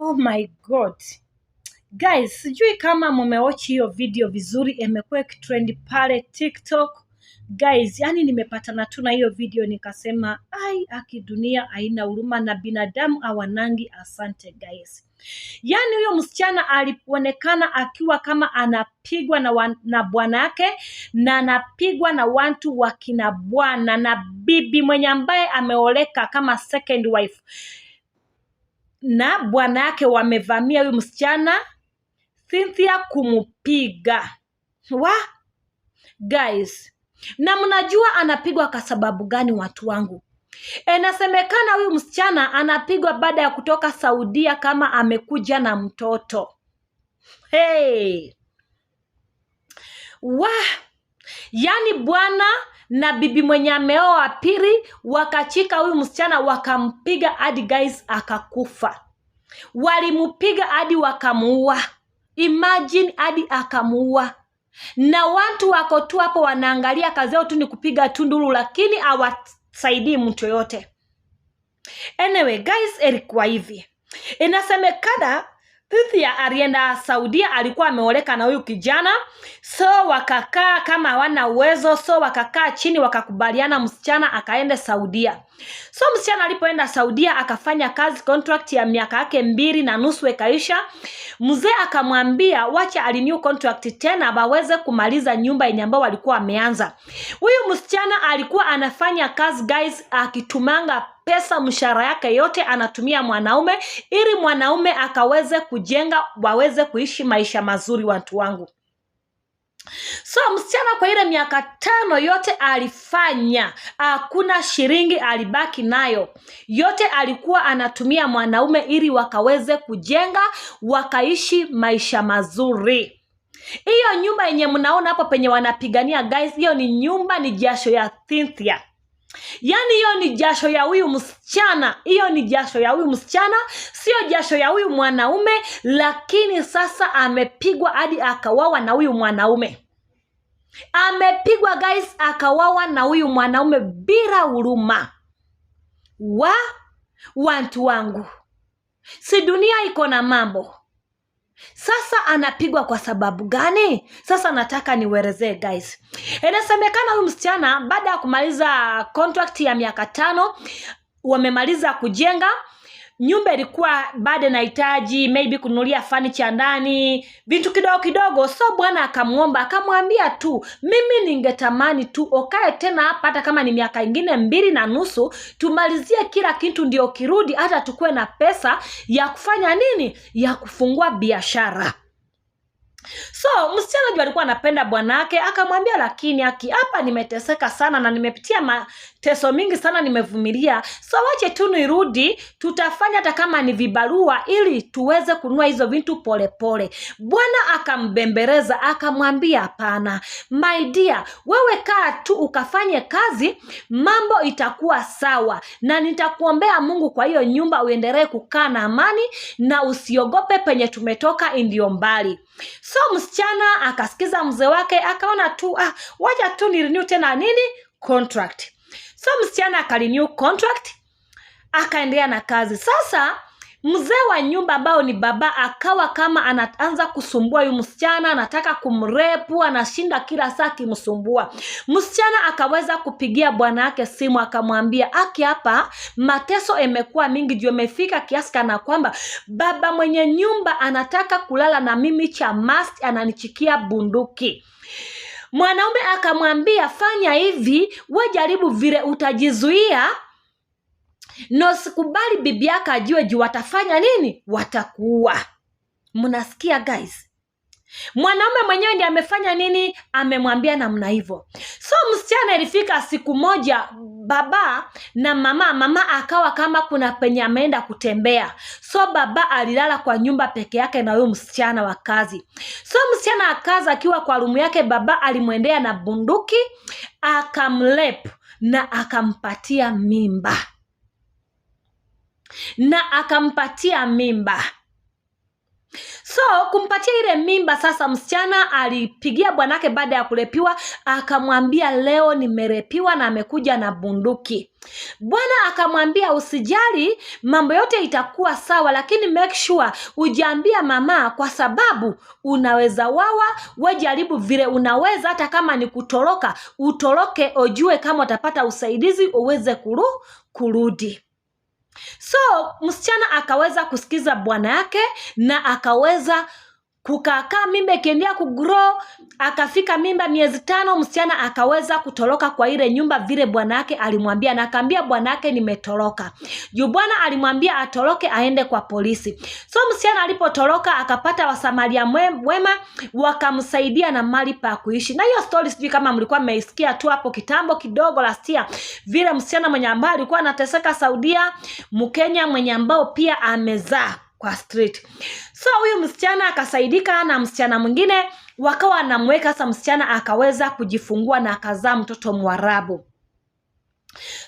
Oh my god guys, sijui kama mumeochi hiyo video vizuri, imekuwa ikitrend pale TikTok guys. Yani nimepatana tu na hiyo video nikasema, ai aki dunia haina huruma na binadamu awanangi. Asante guys. Yaani huyo msichana alionekana akiwa kama anapigwa na, na bwana yake na anapigwa na watu wakina bwana na bibi mwenye ambaye ameoleka kama second wife na bwana yake wamevamia huyu msichana Cynthia kumupiga wa guys. Na mnajua anapigwa kwa sababu gani, watu wangu? Inasemekana e, huyu msichana anapigwa baada ya kutoka Saudia kama amekuja na mtoto. Hey. Wah. Yaani bwana na bibi mwenye ameoa pili wakachika huyu msichana wakampiga hadi guys akakufa. Walimpiga hadi wakamuua. Imagine hadi akamuua. Na watu wako tu hapo wanaangalia, kazi yao tu ni kupiga tunduru, lakini hawasaidii mtu yoyote. Anyway guys, ilikuwa hivi, inasemekana Cynthia alienda Saudia, alikuwa ameoleka na huyu kijana, so wakakaa kama hawana uwezo, so wakakaa chini wakakubaliana, msichana akaende Saudia. So msichana alipoenda Saudia akafanya kazi, contract ya miaka yake mbili na nusu ikaisha. Mzee akamwambia wacha alinew contract tena baweze kumaliza nyumba yenye ambayo walikuwa wameanza. Huyu msichana alikuwa anafanya kazi guys, akitumanga pesa mshahara yake yote anatumia mwanaume ili mwanaume akaweze kujenga waweze kuishi maisha mazuri watu wangu so msichana kwa ile miaka tano yote alifanya hakuna shilingi alibaki nayo yote alikuwa anatumia mwanaume ili wakaweze kujenga wakaishi maisha mazuri hiyo nyumba yenye mnaona hapo penye wanapigania guys hiyo ni nyumba ni jasho ya Cynthia Yaani hiyo ni jasho ya huyu msichana, hiyo ni jasho ya huyu msichana, sio jasho ya huyu mwanaume. Lakini sasa amepigwa hadi akawawa na huyu mwanaume, amepigwa guys, akawawa na huyu mwanaume bila huruma. wa wantu wangu, si dunia iko na mambo sasa anapigwa kwa sababu gani? Sasa nataka niwerezee guys. Inasemekana huyu msichana baada ya kumaliza contract ya miaka tano wamemaliza kujenga nyumba ilikuwa bado nahitaji maybe kununulia fanicha ndani vitu kidogo kidogo so bwana akamwomba akamwambia tu mimi ningetamani tu ukae tena hapa hata kama ni miaka ingine mbili na nusu tumalizie kila kitu ndio kirudi hata tukuwe na pesa ya kufanya nini ya kufungua biashara So msichana juu alikuwa anapenda bwanake, akamwambia lakini aki hapa, nimeteseka sana na nimepitia mateso mingi sana, nimevumilia. So wache tu nirudi, tutafanya hata kama ni vibarua, ili tuweze kununua hizo vitu polepole. Bwana akambembeleza, akamwambia hapana, my dear, wewe kaa tu ukafanye kazi, mambo itakuwa sawa, na nitakuombea Mungu kwa hiyo nyumba, uendelee kukaa na amani na usiogope penye tumetoka, ndio mbali So msichana akasikiza mzee wake, akaona tu ah, waja tu ni renew tena nini contract. So msichana akarenew contract, akaendelea na kazi sasa mzee wa nyumba ambao ni baba akawa kama anaanza kusumbua yu msichana, anataka kumrepu, anashinda kila saa akimsumbua. Msichana akaweza kupigia bwana yake simu, akamwambia aki, hapa mateso imekuwa mingi juu imefika kiasi kana kwamba baba mwenye nyumba anataka kulala na mimi cha mast, ananichikia bunduki. Mwanaume akamwambia fanya hivi, we jaribu vile utajizuia na usikubali bibi yako ajue juu watafanya nini watakuua mnasikia guys mwanaume mwenyewe ndiye amefanya nini amemwambia namna hivyo so msichana ilifika siku moja baba na mama mama akawa kama kuna penye ameenda kutembea so baba alilala kwa nyumba peke yake na huyo msichana wa kazi so msichana akaza akiwa kwa rumu yake baba alimwendea na bunduki akamlep na akampatia mimba na akampatia mimba. So kumpatia ile mimba sasa, msichana alipigia bwanake baada ya kurepiwa, akamwambia leo nimerepiwa na amekuja na bunduki. Bwana akamwambia usijali, mambo yote itakuwa sawa, lakini make sure ujaambia mama, kwa sababu unaweza wawa, jaribu vile unaweza, hata kama ni kutoroka utoroke, ujue kama utapata usaidizi uweze kuru kurudi So msichana akaweza kusikiza bwana yake na akaweza kukakaa mimba ikiendelea kugrow, akafika mimba miezi tano, msichana akaweza kutoroka kwa ile nyumba vile bwana yake alimwambia, na akaambia bwana yake nimetoroka. Juu bwana alimwambia atoroke aende kwa polisi. So msichana alipotoroka akapata wasamaria wema wakamsaidia na mali pa kuishi. Na hiyo story sijui kama mlikuwa mmeisikia tu hapo kitambo kidogo last year, vile msichana mwenye ambaye alikuwa anateseka Saudia, Mkenya mwenye ambao pia amezaa kwa street. So huyu msichana akasaidika na msichana mwingine, wakawa anamweka sasa, msichana akaweza kujifungua na akazaa mtoto Mwarabu.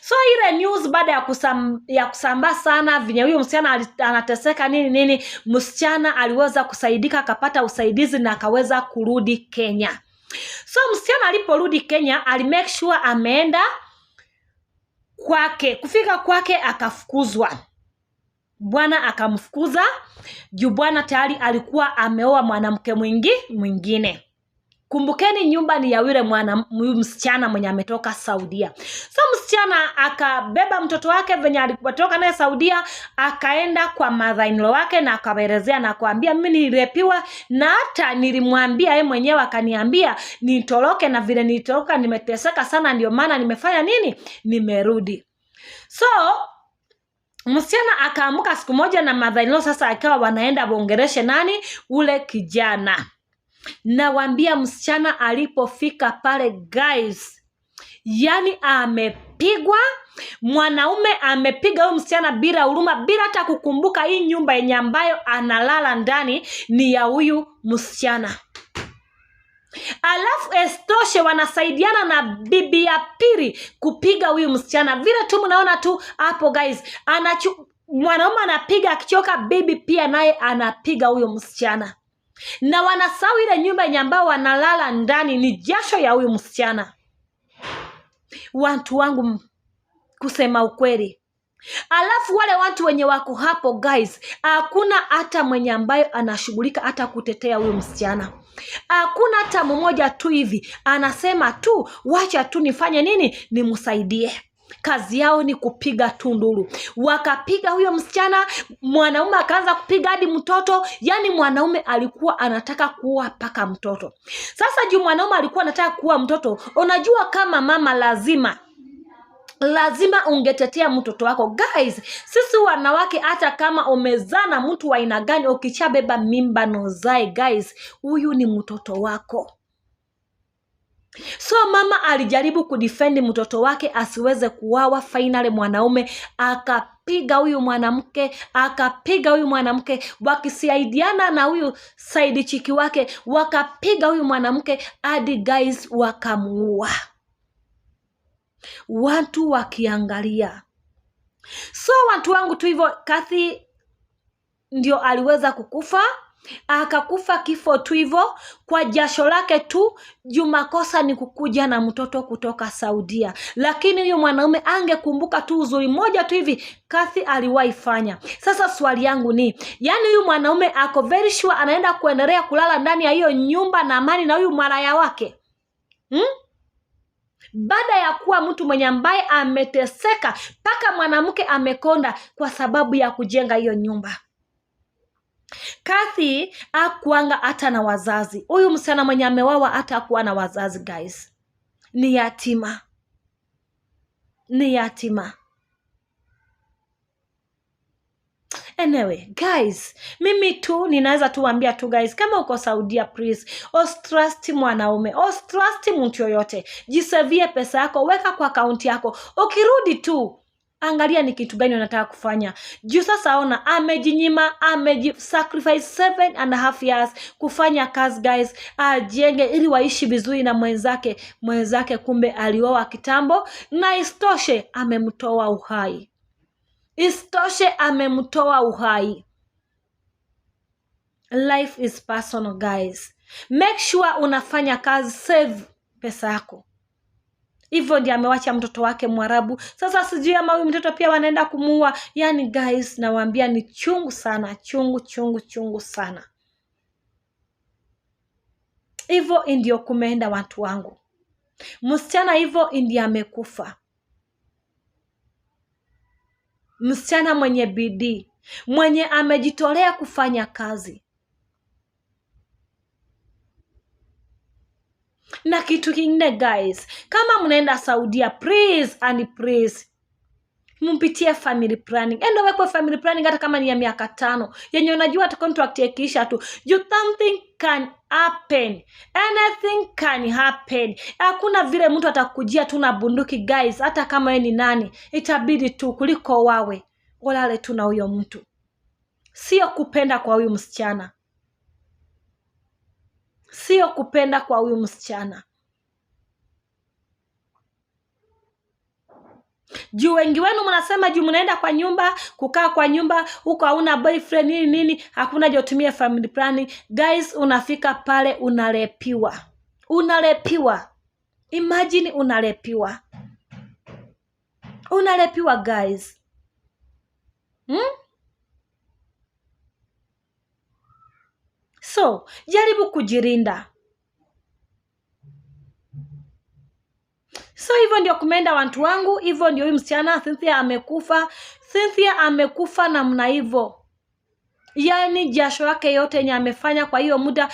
So ile news baada ya kusam, ya kusambaa sana venye huyo msichana anateseka nini nini, msichana aliweza kusaidika akapata usaidizi na akaweza kurudi Kenya. So msichana aliporudi Kenya alimake sure ameenda kwake, kufika kwake akafukuzwa Bwana akamfukuza juu bwana tayari alikuwa ameoa mwanamke mwingi mwingine. Kumbukeni, nyumba ni ya yule mwana msichana mwenye ametoka Saudia. So msichana akabeba mtoto wake venye alipotoka naye Saudia, akaenda kwa mother wake na akawaelezea na kuambia, mimi nilirepiwa na hata nilimwambia yeye mwenyewe akaniambia nitoroke, na vile nilitoroka nimeteseka sana, ndio maana nimefanya nini, nimerudi. So Msichana akaamuka siku moja na madhailo sasa, akawa wanaenda bongereshe nani ule kijana. Nawaambia msichana alipofika pale guys, yani amepigwa mwanaume amepiga huyu msichana bila huruma, bila hata kukumbuka hii nyumba yenye ambayo analala ndani ni ya huyu msichana alafu estoshe wanasaidiana na bibi ya pili kupiga huyu msichana vile tu mnaona tu hapo guys, anachu mwanaume anapiga akichoka, bibi pia naye anapiga huyo msichana, na wanasahau ile nyumba yenye ambayo wanalala ndani ni jasho ya huyu msichana. Watu wangu, kusema ukweli Alafu wale watu wenye wako hapo guys, hakuna hata mwenye ambayo anashughulika hata kutetea huyo msichana. Hakuna hata mmoja tu hivi anasema tu wacha tu nifanye nini, nimsaidie kazi yao ni kupiga tu nduru. Wakapiga huyo msichana, mwanaume akaanza kupiga hadi mtoto. Yani mwanaume alikuwa anataka kuua mpaka mtoto. Sasa juu mwanaume alikuwa anataka kuua mtoto, unajua kama mama lazima lazima ungetetea mtoto wako guys sisi wanawake hata kama umezaa na mtu wa aina gani ukishabeba mimba nozae guys huyu ni mtoto wako so mama alijaribu kudifendi mtoto wake asiweze kuwawa fainali mwanaume akapiga huyu mwanamke akapiga huyu mwanamke wakisaidiana na huyu saidi chiki wake wakapiga huyu mwanamke hadi guys wakamuua watu wakiangalia. So watu wangu tu hivyo, Kathy ndio aliweza kukufa akakufa kifo tu hivyo kwa jasho lake tu, jumakosa ni kukuja na mtoto kutoka Saudia. Lakini huyo mwanaume angekumbuka tu uzuri mmoja tu hivi Kathy aliwaifanya Sasa swali yangu ni yani, huyu mwanaume ako very sure anaenda kuendelea kulala ndani ya hiyo nyumba na amani na huyu maraya wake hmm? baada ya kuwa mtu mwenye ambaye ameteseka mpaka mwanamke amekonda kwa sababu ya kujenga hiyo nyumba. Kathy akuanga hata na wazazi. Huyu msichana mwenye amewawa hata akuwa na wazazi guys, ni yatima, ni yatima. Anyway, guys, mimi tu ninaweza tuambia tu guys, kama uko Saudia, please ostrust mwanaume, ostrust mtu yoyote, jisavie pesa yako, weka kwa akaunti yako, ukirudi tu angalia ni kitu gani unataka kufanya juu sasa ona amejinyima amejisacrifice seven and a half years kufanya kazi guys ajenge ili waishi vizuri na mwenzake mwenzake kumbe alioa kitambo na istoshe amemtoa uhai Isitoshe amemtoa uhai. Life is personal guys, make sure unafanya kazi, save pesa yako. Hivyo ndio amewacha mtoto wake Mwarabu. Sasa sijui ama huyu mtoto pia wanaenda kumuua. Yani guys, nawaambia ni chungu sana, chungu chungu chungu sana. Hivyo ndio kumeenda watu wangu, msichana hivyo ndio amekufa msichana mwenye bidii, mwenye amejitolea kufanya kazi. Na kitu kingine guys, kama mnaenda Saudia, please and please mpitie family planning, Endo wekwe family planning, hata kama ni ya miaka tano yenye unajua hata contract yakiisha tu you something can happen, anything can happen. Hakuna vile mtu atakujia tu na bunduki guys, hata kama yeye ni nani, itabidi tu kuliko wawe ulale tu na huyo mtu. Sio kupenda kwa huyu msichana, sio kupenda kwa huyu msichana. juu wengi wenu mnasema juu mnaenda kwa nyumba kukaa kwa nyumba huko, hauna boyfriend nini nini, hakuna jotumia family planning guys. Unafika pale unalepiwa, unalepiwa. Imagine unalepiwa, unalepiwa guys, hmm? So jaribu kujirinda. so hivyo ndio kumeenda wantu wangu hivyo ndio huyu msichana Cynthia amekufa Cynthia amekufa namna hivyo yani jasho yake yote yenye amefanya kwa hiyo muda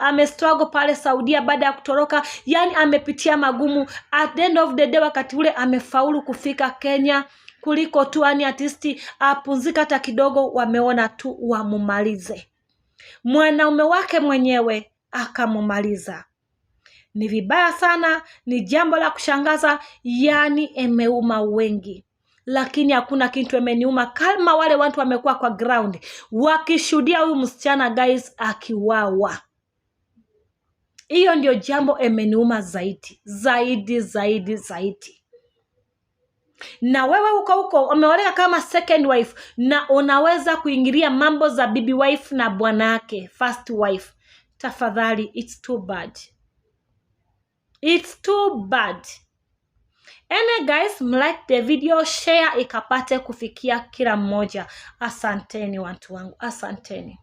amestruggle pale Saudia baada ya kutoroka, yani amepitia magumu. At the end of the day, wakati ule amefaulu kufika Kenya kuliko tu ani atisti apunzika hata kidogo, wameona tu wamumalize. Mwanaume wake mwenyewe akamumaliza ni vibaya sana, ni jambo la kushangaza, yani emeuma wengi lakini hakuna kitu ameniuma kama wale watu wamekuwa kwa ground wakishuhudia huyu msichana guys akiwawa. Hiyo ndio jambo emeniuma zaidi zaidi zaidi zaidi. Na wewe uko huko umeoleka kama second wife, na unaweza kuingilia mambo za bibi wife na bwanake first wife. Tafadhali, it's too bad. It's too bad. Ene guys, mlike the video, share ikapate kufikia kila mmoja. Asanteni watu wangu, asanteni.